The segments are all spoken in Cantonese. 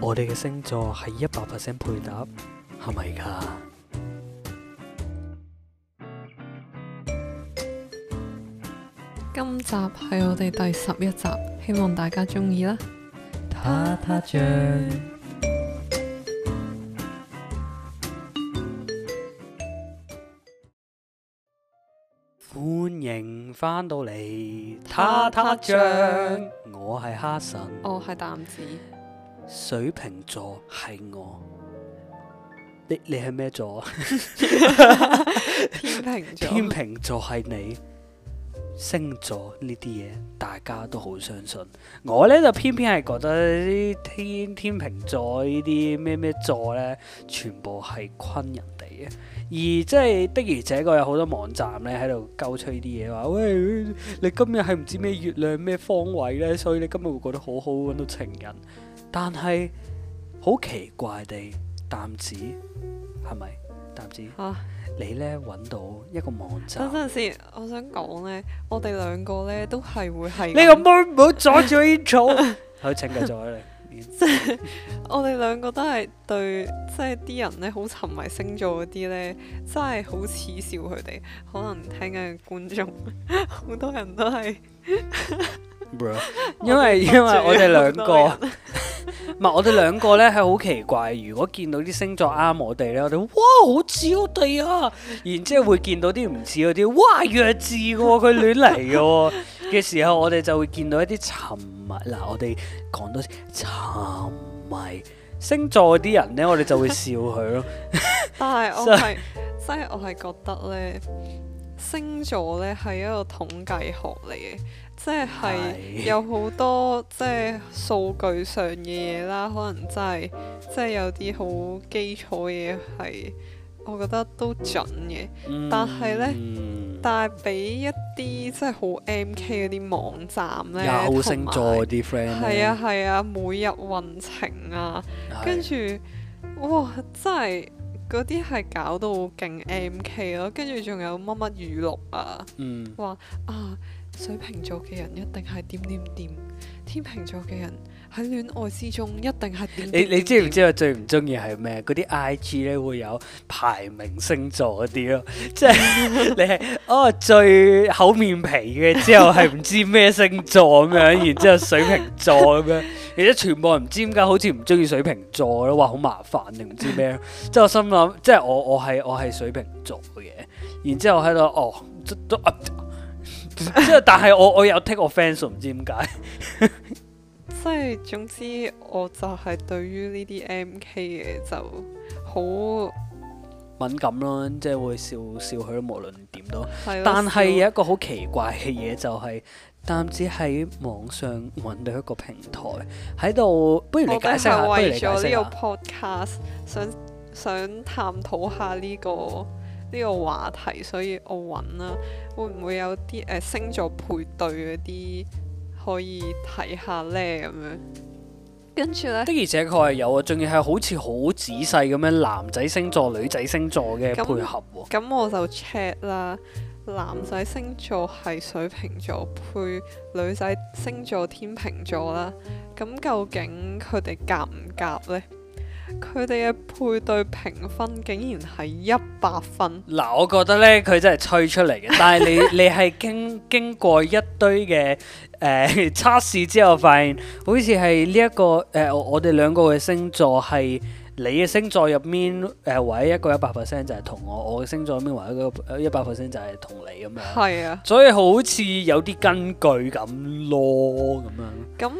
我哋嘅星座係一百 percent 配搭，係咪噶？今集係我哋第十一集，希望大家中意啦。他他醬，歡迎翻到嚟。他他醬，我係哈神。哦，係蛋子。水瓶座係我，你你係咩座？ 天秤座，天秤座係你。星座呢啲嘢，大家都好相信。我呢就偏偏係覺得天天秤座呢啲咩咩座呢，全部係昆人哋嘅。而即係的，而的這個有好多網站呢喺度勾出呢啲嘢，話喂，你今日係唔知咩月亮咩方位呢？所以你今日會覺得好好，搵到情人。但係好奇怪地，擔子係咪擔子？是是啊、你咧揾到一個網站，等陣先，我想講咧，我哋兩個咧都係會係。你個妹唔好阻住我煙草。 好，請繼續啊你。即係我哋兩個都係對，即係啲人咧好沉迷星座嗰啲咧，真係好恥笑佢哋。可能聽緊嘅觀眾好 多人都係。 因為因為我哋兩個，唔係 我哋兩個咧，係好奇怪。如果見到啲星座啱我哋咧，我哋哇，好似我哋啊！然之後會見到啲唔似嗰啲，哇，弱智噶，佢亂嚟噶嘅時候，我哋就會見到一啲沉默。嗱，我哋講多啲沉迷星座啲人咧，我哋就會笑佢咯。 但係我係即係我係覺得咧，星座咧係一個統計學嚟嘅。即係有好多即係數據上嘅嘢啦，可能真係即係有啲好基礎嘢係，我覺得都準嘅。嗯、但係呢，嗯、但係俾一啲、嗯、即係好 MK 嗰啲網站呢，同埋係啊係啊，啊，每日運程啊，是跟住哇真係嗰啲係搞到勁 MK 咯，跟住仲有乜乜語錄啊，話、嗯、啊～水瓶座嘅人一定係點點點，天秤座嘅人喺戀愛之中一定係點點點。你你知唔知我最唔中意係咩？嗰啲 I G 咧會有排名星座嗰啲咯，即 係、就是、你係哦最厚面皮嘅，之後係唔知咩星座咁樣， 然之後水瓶座咁樣，而且 全部人唔知點解好似唔中意水瓶座咯，話好麻煩定唔知咩？ 即係我心諗，即係我我係我係水瓶座嘅，然之後喺度哦。都都都 即係，但係我我有 take 我 fans 唔知點解。即係，總之我就係對於呢啲 MK 嘅就好敏感咯，即係會笑笑佢，無論點都，但係有一個好奇怪嘅嘢，就係單只喺網上搵到一個平台喺度，不如你解釋下，我今日係為咗呢個 podcast 想想探討下呢個呢個話題，所以我揾啦、啊，會唔會有啲誒、呃、星座配對嗰啲可以睇下呢？咁樣？跟住呢，的而且確係有啊，仲要係好似好仔細咁樣，男仔星座女仔星座嘅配合喎。咁我就 check 啦，男仔星座係水瓶座配女仔星座天秤座啦。咁究竟佢哋夾唔夾呢？佢哋嘅配對評分竟然係一百分。嗱，我覺得咧，佢真係吹出嚟嘅。但係你 你係經經過一堆嘅誒測試之後，發現好似係呢一個誒、呃，我哋兩個嘅星座係你嘅星座入面誒、呃，唯一一個一百 percent 就係、是、同我我嘅星座入面唯一一個一百 percent 就係、是、同你咁樣。係啊，所以好似有啲根據咁咯，咁樣。咁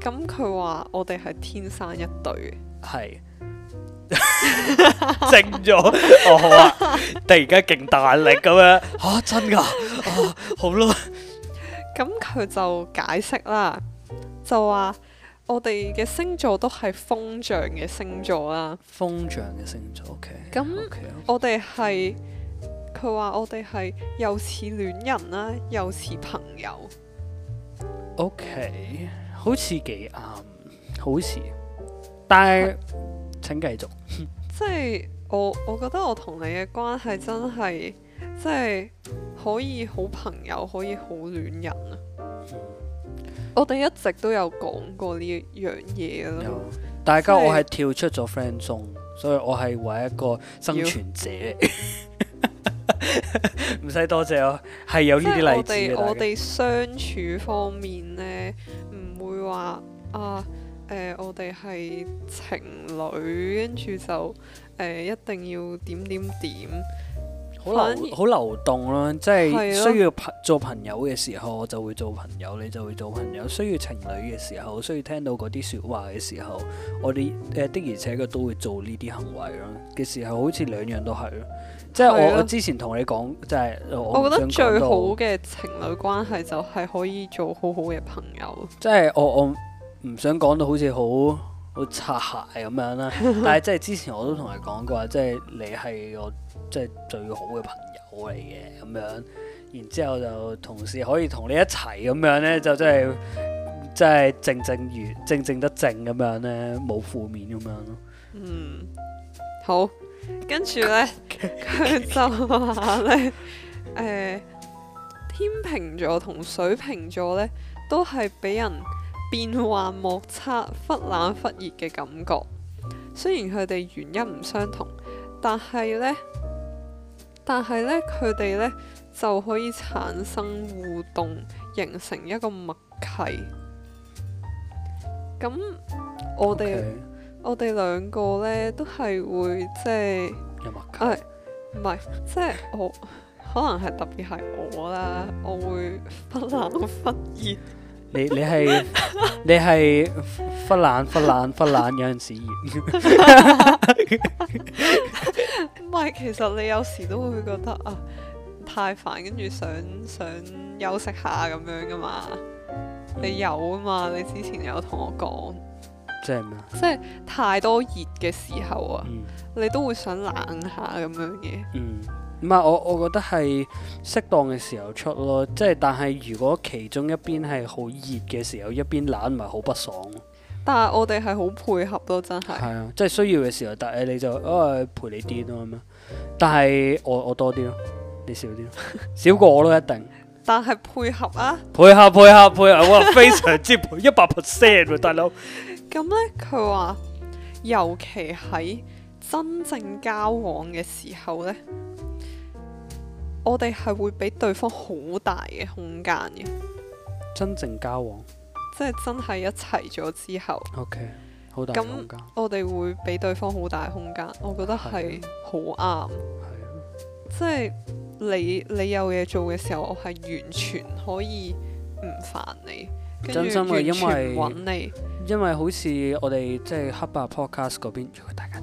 咁佢話我哋係天生一對。係。靜咗 正了 哦，好啊！ 突然間勁大力咁樣，吓，真噶？哦，好咯。咁佢就解釋啦，就話我哋嘅星座都係風象嘅星座啦、啊，風象嘅星座。OK，咁我哋係佢話我哋係又似戀人啦，又似朋友。O、okay, K，好似幾啱，um, 好似，但係。請繼續。即係我，我覺得我同你嘅關係真係，即係可以好朋友，可以好戀人啊！嗯、我哋一直都有講過呢樣嘢咯。大家我係跳出咗 friend 中，就是，所以我係唯一個生存者。唔使要 多謝我，係有呢啲例子嘅。我哋家相處方面呢，唔會話啊。誒、呃，我哋係情侶，跟住就誒、呃，一定要點點點，好流好、嗯、流動咯。即係需要朋做朋友嘅時候，我就會做朋友，你就會做朋友。需要情侶嘅時候，我需要聽到嗰啲説話嘅時候，我哋的、呃、的而且確都會做呢啲行為咯。嘅時候好似兩樣都係咯，嗯、即係我、嗯、我之前同你講，即係我，我覺得最好嘅情侶關係就係可以做好好嘅朋友。即係我我。我我唔想講到好似好好擦鞋咁樣啦， 但係即係之前我都同你講過，即係你係我即係最好嘅朋友嚟嘅咁樣，然之後就同時可以同你一齊咁樣呢，就真係即係正正如正正得正咁樣呢，冇負面咁樣咯。嗯，好，跟住呢，佢 就話咧，誒、呃、天秤座同水瓶座呢，都係俾人變幻莫測、忽冷忽熱嘅感覺。雖然佢哋原因唔相同，但係呢，但係呢，佢哋呢就可以產生互動，形成一個默契。咁我哋 Okay. 我哋兩個呢都係會即係有默契，誒唔係即係我 可能係特別係我啦，我會忽冷忽熱。 你你係你係忽冷忽冷忽冷有陣時熱，唔係其實你有時都會覺得啊太煩，跟住想想休息下咁樣噶嘛。嗯、你有啊嘛？你之前有同我講，即係咩啊？即係太多熱嘅時候啊，嗯、你都會想冷下咁樣嘅。嗯。唔係我，我覺得係適當嘅時候出咯。即係，但係如果其中一邊係好熱嘅時候，一邊冷，咪好不爽，啊。但係我哋係好配合咯，真係係啊！即係需要嘅時候，但係你就啊、哎、陪你癲咯咁樣。但係我我多啲咯，你少啲， 少過我都一定。但係配合啊，配合配合配合，我 非常之配一百 percent，大佬。咁咧， 佢話尤其喺真正交往嘅時候咧。我哋係會俾對方好大嘅空間嘅，真正交往，即係真係一齊咗之後，OK，好大空間。咁我哋會俾對方好大空間，我覺得係好啱。係，即係你你有嘢做嘅時候，我係完全可以唔煩你，跟住完全搵你。因為好似我哋即係黑白 podcast 嗰邊，如果大家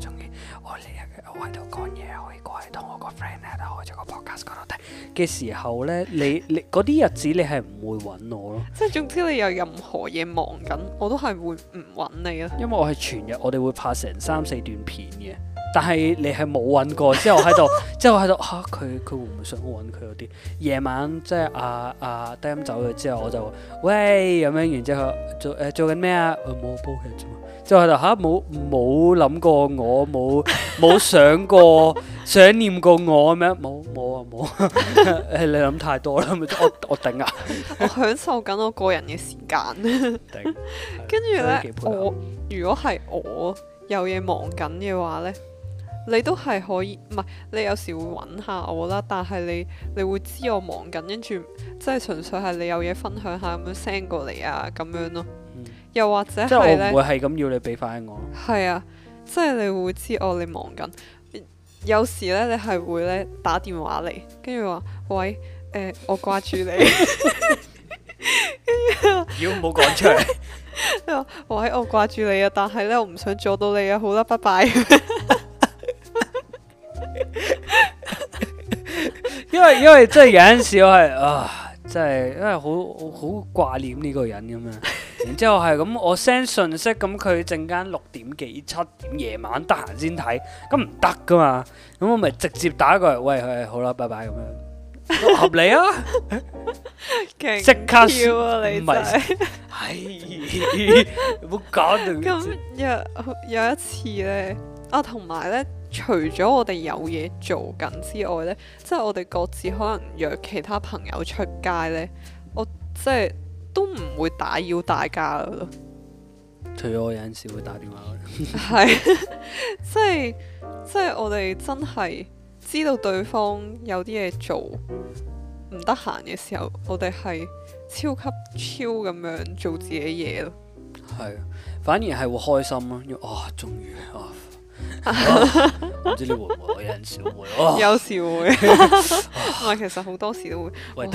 我喺度講嘢，我可以過嚟同我個 friend 咧開咗個 podcast 講到底嘅時候咧，你你嗰啲日子你係唔會揾我咯。即係 總之你有任何嘢忙緊，我都係會唔揾你咯。因為我係全日，我哋會拍成三四段片嘅。但係你係冇揾過，之後喺度、 啊啊啊，之後喺度嚇佢佢會唔會想揾佢嗰啲夜晚？即係阿阿 Dam 走咗之後，我就話喂咁樣，然之後做誒做緊咩啊？冇煲劇啫嘛，之後喺度吓，冇冇諗過，我冇冇想過想念過我咩？冇冇啊冇誒、啊 哎、你諗太多啦！我我頂啊！ 我享受緊我個人嘅時間、 嗯，嗯、 跟住咧呢我如果係我有嘢忙緊嘅話咧。你都係可以，唔係你有時會揾下我啦，但係你你會知我忙緊，跟住即係純粹係你有嘢分享下咁樣 send 過嚟啊，咁樣咯。嗯、又或者即係我唔會係咁要你俾返我。係啊，即係你會知我你忙緊，有時咧你係會咧打電話嚟，跟住話喂，誒、呃、我掛住你，跟住話妖唔好講出嚟， 我話喂我掛住你啊，但係咧我唔想阻到你啊，好啦，拜拜。 因為真係有陣時我係啊、呃，真係因為好好掛念呢個人咁啊，然之後係咁我 send 信息，咁佢陣間六點幾七點夜晚得閒先睇，咁唔得噶嘛咁、嗯、我咪直接打過嚟，喂喂，喂好啦，拜拜咁樣，都合理 啊，即刻要啊，你唔係冇講啊，咁 、哎、有有一次咧，啊同埋咧。除咗我哋有嘢做緊之外呢，即係、就是、我哋各自可能約其他朋友出街呢，我即係都唔會打擾大家咯。除咗我有陣時會打電話，係即係即係我哋真係知道對方有啲嘢做唔得閒嘅時候，我哋係超級超咁樣做自己嘢咯。係，反而係會開心咯、啊，因為啊，終於啊～啊！唔知你會唔會有時會，有時會，但係其實好多時都會，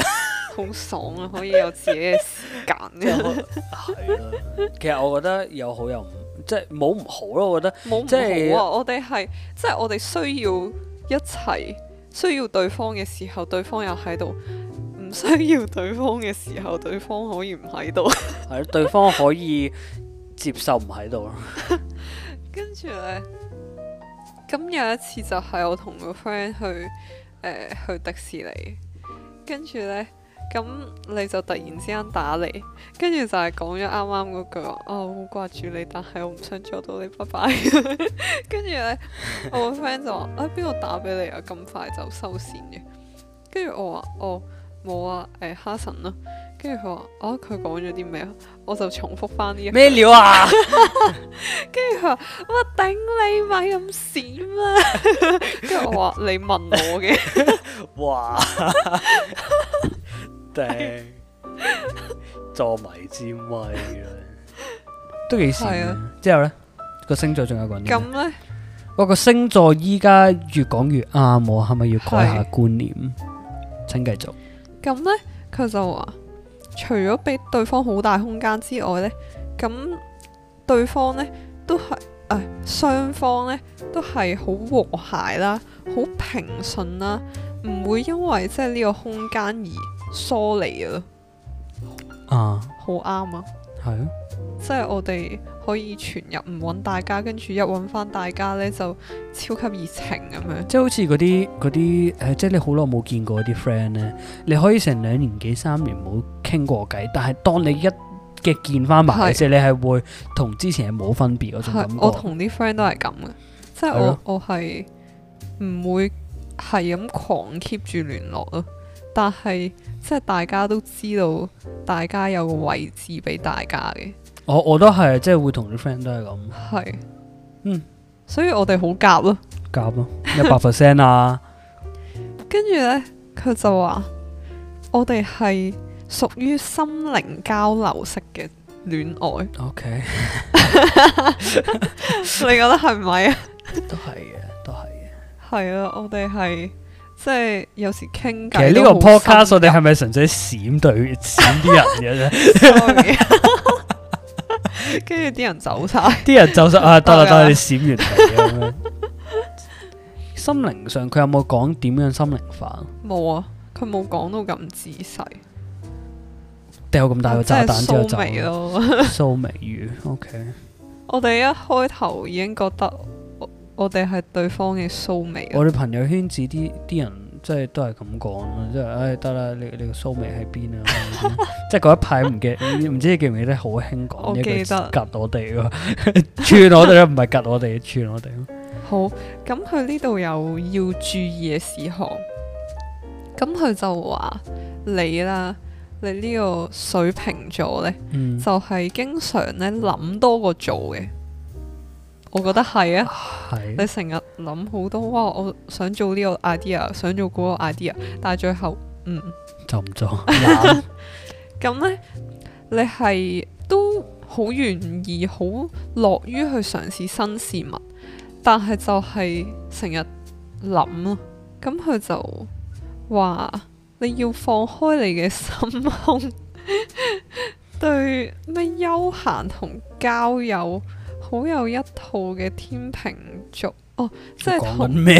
好爽啊！可以有自己嘅時間呢？係啦，其實我覺得有好有唔，即係冇唔好咯。我覺得冇唔好啊！我哋係即係我哋需要一齊，需要對方嘅時候，對方又喺度；唔需要對方嘅時候，對方可以唔喺度。係，對方可以接受唔喺度咯。跟住咧。咁有一次就係我同個 friend 去誒、呃、去迪士尼，跟住呢，咁你就突然之間打嚟，跟住就係講咗啱啱嗰句，啊好掛住你，但係我唔想阻到你，拜拜。跟 住呢， 我個 friend 就話啊邊個打俾你啊，咁快就收線嘅？跟住我話哦。哦冇啊，誒、欸、哈神啦、啊，跟住佢話：啊，佢講咗啲咩啊？我就重複翻啲咩料啊？跟住佢話：我頂你咪咁閃啊！」跟住我話：你問我嘅 哇頂坐迷之位啦， 都幾閃啊！的之後咧、嗯這個星座仲、啊、有個點咁咧？我個星座依家越講越啱我，係咪要改下觀念？的請繼續。咁咧，佢就話：除咗俾對方好大空間之外咧，咁對方咧都係，誒、呃、雙方咧都係好和諧啦，好平順啦，唔會因為即係呢個空間而疏離、uh, 啊！啊，好啱啊！係啊。即係我哋可以全日唔揾大家，跟住一揾翻大家呢就超級熱情咁樣即。即係好似嗰啲嗰啲即係你好耐冇見過啲 friend 呢，你可以成兩年幾三年冇傾過偈，但係當你一嘅見翻埋先，嗯、你係會同之前係冇分別嗰種感覺。我同啲 friend 都係咁嘅，即係我的我係唔會係咁狂 keep 住聯絡囉，但係即係大家都知道，大家有個位置俾大家嘅。我我都係，即係會同啲 friend 都係咁。係是，嗯，所以我哋好夾咯，夾咯，一百 percent 啊。跟住咧，佢、啊、 就話我哋係屬於心靈交流式嘅戀愛。OK， 你覺得係唔係啊？都係嘅、啊， 都係嘅。係啊，我哋係即係有時傾偈。其實個 cast，呢個 podcast 我哋係咪純粹閃對閃啲人嘅啫？ Sorry. 跟住啲人走晒，啲 人走晒啊！得啦得啦，啊、 你閃完心靈上佢有冇講點樣心靈化？冇 啊，佢冇講到咁仔細。掟咁大個炸彈之、so、後就。蘇眉魚，OK。我哋一開頭已經覺得我哋係對方嘅蘇眉。我哋朋友圈子啲啲人。即係都係咁講，即係，唉、哎，得啦，你你個蘇眉喺邊啊？ 即係嗰一排唔記，唔知你記唔記得好興講一得？夾我哋嘅，串我哋，唔係夾我哋，串我哋。好，咁佢呢度有要注意嘅事項，咁佢就話你啦，你呢個水瓶座呢，嗯、就係經常咧諗多過做嘅。我覺得係啊，是你成日諗好多，哇！我想做呢個 idea，想做嗰個 idea，但係最後，嗯，就唔做。咁 呢，你係都好願意，好樂於去嘗試新事物，但係就係成日諗咯。咁佢就話你要放開你嘅心胸， 對咩休閒同交友？好有一套嘅天秤座，哦，即係講緊咩？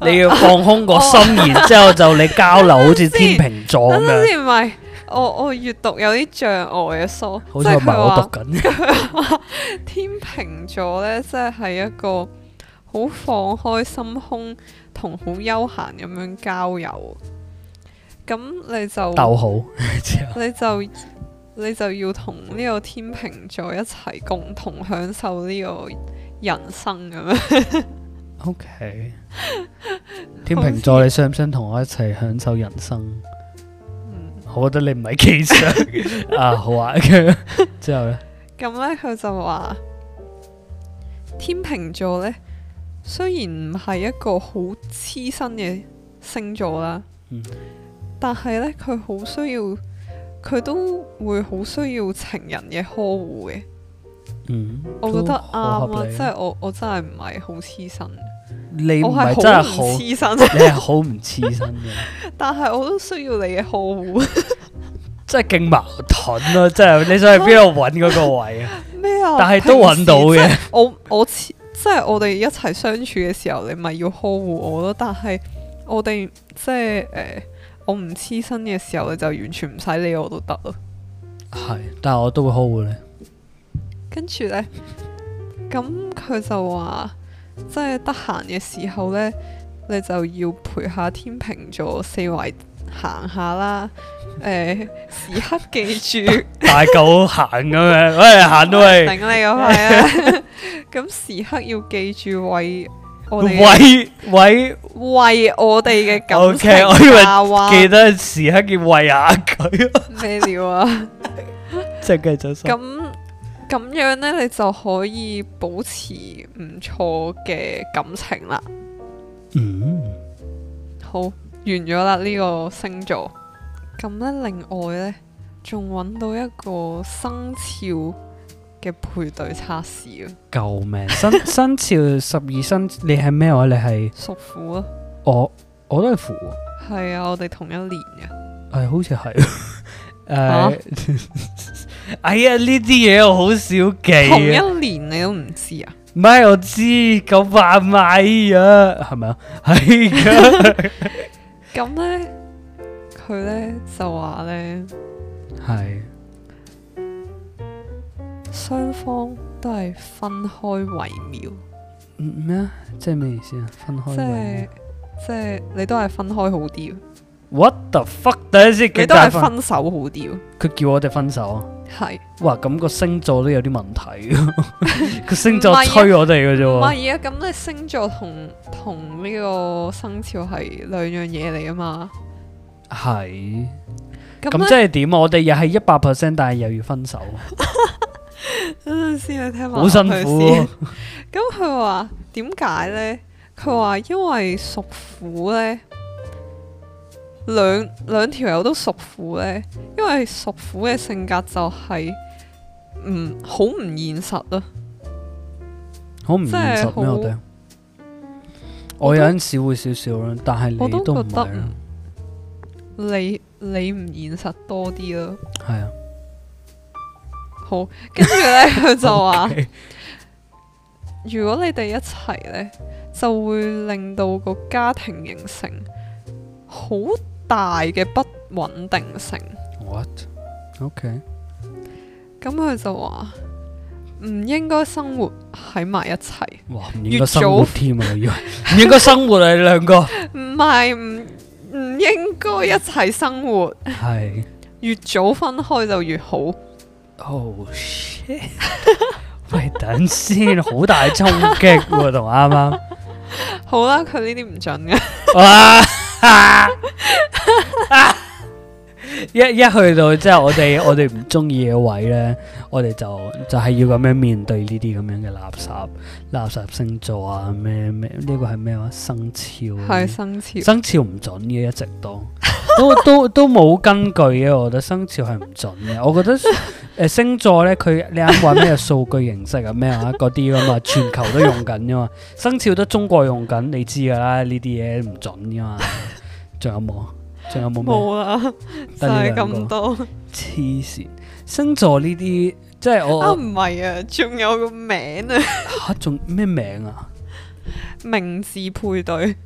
你要放空個心，然之後就你交流，好似天秤座咁樣。等陣先，唔係我我閱讀有啲障礙啊 sorry，所以即係我讀緊天秤座呢，即係係一個好放開心胸同好悠閒咁樣交友。咁你就逗好，你就。你就要同呢個天秤座一齊共同享受呢個人生咁樣。 o Okay . K， 天秤座， 你想唔想同我一齊享受人生？嗯、我覺得你唔係幾想 啊，好玩嘅 之後呢，咁 呢，佢就話天秤座呢，雖然唔係一個好黐身嘅星座啦，嗯、但係呢，佢好需要。佢都會好需要情人嘅呵護嘅，嗯，我覺得啱啊！即係我我真係唔係好黐身，你唔係真係好黐身，你係好唔黐身嘅。但係我都需要你嘅呵護，即係勁矛盾咯，啊！即係你想去邊度搵嗰個位啊？咩 啊？但係都搵到嘅。我我即係我哋一齊相處嘅時候，你咪要呵護我咯。但係我哋即係誒。呃我唔黐身嘅時候，你就完全唔使理我都得咯。係，但係我都會 hold 嘅。跟住咧，咁佢就話，即係得閒嘅時候咧，你就要陪下天秤座四圍行下啦。誒、呃，時刻記住 大，大狗行咁樣， 喂，行到嚟頂你個肺 啊！咁 時刻要記住位。喂喂喂！喂我哋嘅感情 okay, 價位 我以為記得時刻叫「喂下佢咩料啊？即係繼續咁咁樣咧，你就可以保持唔錯嘅感情 mm. 啦。嗯，好完咗啦呢個星座咁咧，另外咧仲揾到一個生肖嘅配對測試啊！救命！新新朝十二生肖，你係咩話？你係屬虎啊？我我都係虎啊！係啊，我哋同一年嘅、啊，係好似係誒，哎呀，呢啲嘢我好少記、啊，同一年你都唔知啊？唔係、啊、我知九百米啊？係咪啊？係咁咧佢咧就話咧係。雙方都係分開為妙。咩啊、嗯？即係咩意思啊？分開為妙即係即係你都係分開好啲。What the fuck？第一先你都係分手好啲。佢叫我哋分手。係是。哇！咁、個星座都有啲問題。個 星座催我哋㗎啫。唔係 啊？咁、啊、你星座同同呢個生肖係兩樣嘢嚟㗎嘛。係。咁即係點？我哋又係一百 percent，但係又要分手。 等陣 先，你聽埋佢先。咁佢話點解呢？佢話因為屬虎呢，兩兩條友都屬虎呢，因為屬虎嘅性格就係唔好唔現實咯、啊。好唔現實咩、啊？我哋，我有陣時會少少咯，但係你我都覺得你、啊、你唔現實多啲咯。係啊。好，跟住咧，佢就話： Okay. 如果你哋一齊呢，就會令到個家庭形成好大嘅不穩定性。What？Okay。咁佢就話唔應該生活喺埋一齊。哇，唔應該生活添啊！唔應該生活啊，你兩個。唔係唔唔應該一齊生活，係 是越早分開就越好。哦，shit！喂，等先，好大衝擊喎，同啱啱。好啦，佢呢啲唔準嘅哇。一一去到之後，就是，我哋我哋唔中意嘅位咧，我哋就就係，是、要咁樣面對呢啲咁樣嘅垃圾，垃圾星座啊咩咩？呢個係咩話？生肖係，啊、生肖，生肖唔準嘅，一直都 都都都冇根據嘅，啊。我覺得生肖係唔準嘅。我覺得誒，呃、星座咧，佢你啱話咩數據形式啊咩啊嗰啲啊嘛，全球都用緊噶嘛。生肖都中國用緊，你知噶啦，呢啲嘢唔準噶嘛。仲有冇？仲有冇？冇啦，就係咁多。黐線，星座呢啲即係我啊，唔係啊，仲有個名啊。吓？仲咩名啊？名字配對。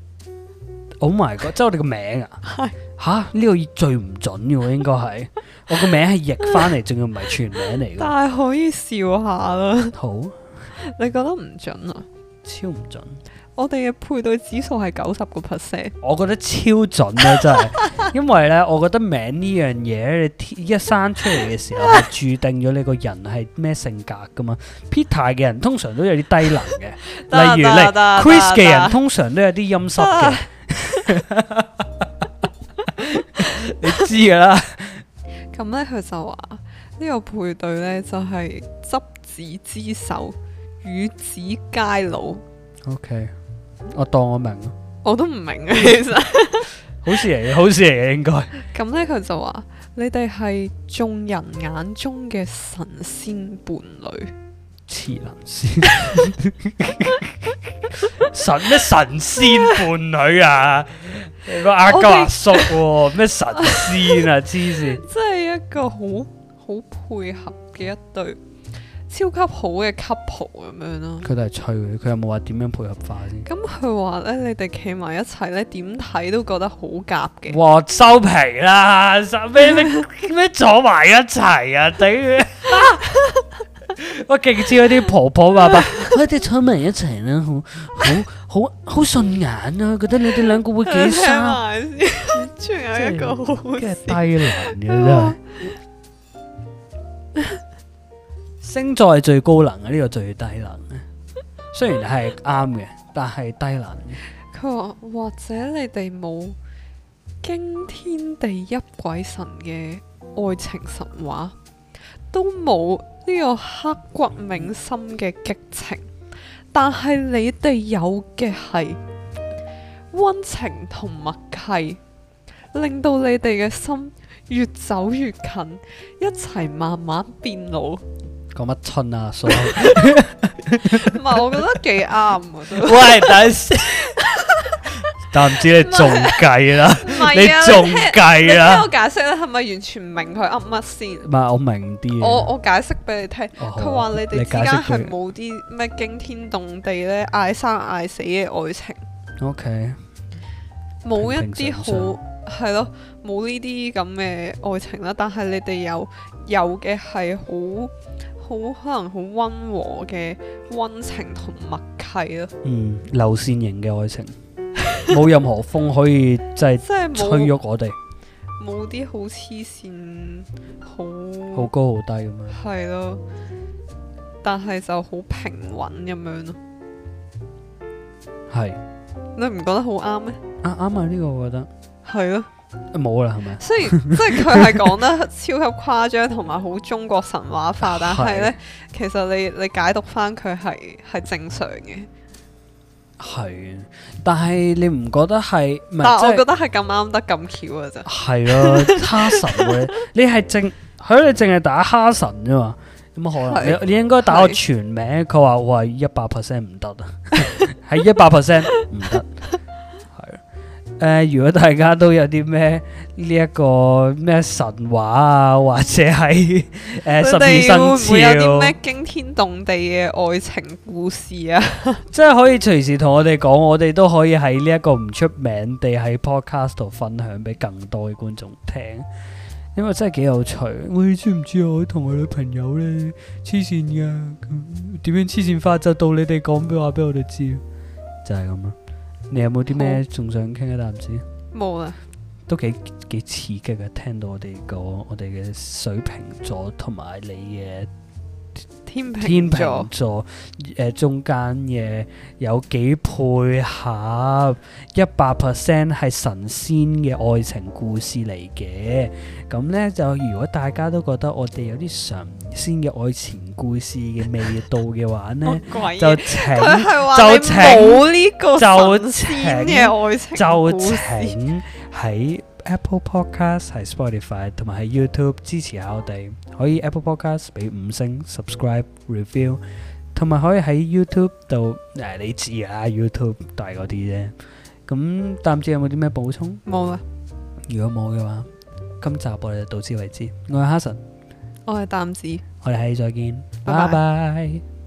Oh my god！即係我哋個名啊。係。吓？呢個最唔準嘅，應該係我個名係譯翻嚟，仲要唔係全名嚟。但係可以笑下啦。好。你覺得唔準啊？超唔準。我哋嘅配對指數係九十個 percent，我覺得超準咧，真係。 因為咧，我覺得名呢樣嘢，你一生出嚟嘅時候，係 注定咗你個人係咩性格噶嘛。Peter 嘅人通常都有啲低能嘅， 例如你 ，Chris 嘅人通常都有啲陰濕嘅，你知噶啦。咁咧，佢就話呢個配對咧就係執子之手與子偕老。OK。我當我明咯，我都唔明啊，其實 好似嚟嘅，好似嚟嘅應該 。咁咧佢就話：你哋係眾人眼中嘅神仙伴侶，黐撚線，神咩神仙伴侶啊？個 阿哥阿叔喎，啊，咩 神仙啊？黐線，真係一個好好配合嘅一對。超級好嘅 couple 咁樣咯，佢哋係吹佢，佢有冇話點樣配合化先？咁佢話咧，你哋企埋一齊咧，點睇都覺得好夾嘅。哇，收皮啦，咩咩 坐埋一齊啊！頂， 我勁知嗰啲婆婆爸爸，佢哋 坐埋一齊啦，好好好好順眼啊！覺得你哋兩個會幾生， 真係個好嘅低能嚟啦。星座係最高能啊，呢、這個最低能。雖然係啱嘅，但係低能。佢話 或者你哋冇驚天地一鬼神嘅愛情神話，都冇呢個刻骨銘心嘅激情，但係你哋有嘅係溫情同默契，令到你哋嘅心越走越近，一齊慢慢變老。講乜春啊，所以唔係？我覺得幾啱啊喂，等但唔知你仲計啦，你仲計啦？你聽我解釋啦，係咪完全唔明佢噏乜先？唔係我明啲，我我解釋俾你聽，佢話、oh, 你哋之間係冇啲咩驚天動地咧，嗌生嗌死嘅愛情。O K，冇一啲好係咯，冇呢啲咁嘅愛情啦。但係你哋有有嘅係好。好可能好溫和嘅溫情同默契咯。嗯，流線型嘅愛情，冇 任何風可以即係吹咗我哋。冇啲好黐線，好好高好低咁樣。係咯，但係就好平穩咁樣咯。係，你唔覺得好啱咩？啱啱啊！呢個我覺得係咯。冇啦，係咪啊？雖然即係佢係講得超級誇張，同埋好中國神話化，但係咧，其實你你解讀翻佢係係正常嘅。係，但係你唔覺得係？但、就是、我覺得係咁啱得咁巧噶咋？係咯、啊， 哈神嘅，你係淨，佢、 嗯、你淨係打哈神啫嘛，有乜可能你？你是你應該打個全名，佢話喂，一百 percent 唔得啊，係一百 percent 唔得。 誒、呃，如果大家都有啲咩呢一個咩神話啊，或者係誒十二生肖，會唔會有啲咩驚天動地嘅愛情故事啊？ 即係可以隨時同我哋講，我哋都可以喺呢一個唔出名地喺 podcast 度分享俾更多嘅觀眾聽，因為真係幾有趣。喂，知唔知我同我女朋友咧黐線噶？點、嗯、樣黐線法就到你哋講句話俾我哋知，就係咁啦。你有冇啲咩仲想傾嘅談資？冇啦，啊、都幾幾刺激嘅，聽到我哋講我哋嘅水瓶座同埋你嘅天秤座，誒、呃、中間嘅有幾配合，一百 percent 係神仙嘅愛情故事嚟嘅。咁呢，就如果大家都覺得我哋有啲神。先嘅愛,愛情故事嘅味道嘅話呢，就請就請呢個神仙嘅愛情，就請喺 Apple Podcast、喺 Spotify 同埋喺 YouTube 支持下我哋，可以 Apple Podcast 俾五星 subscribe review，同埋可以喺 YouTube 度誒、哎、你知啊 YouTube 大嗰啲啫。咁但唔知有冇啲咩補充？冇啊。如果冇嘅話，今集我哋就到此為止。我係哈神。我係淡子，我哋下次再見，拜拜。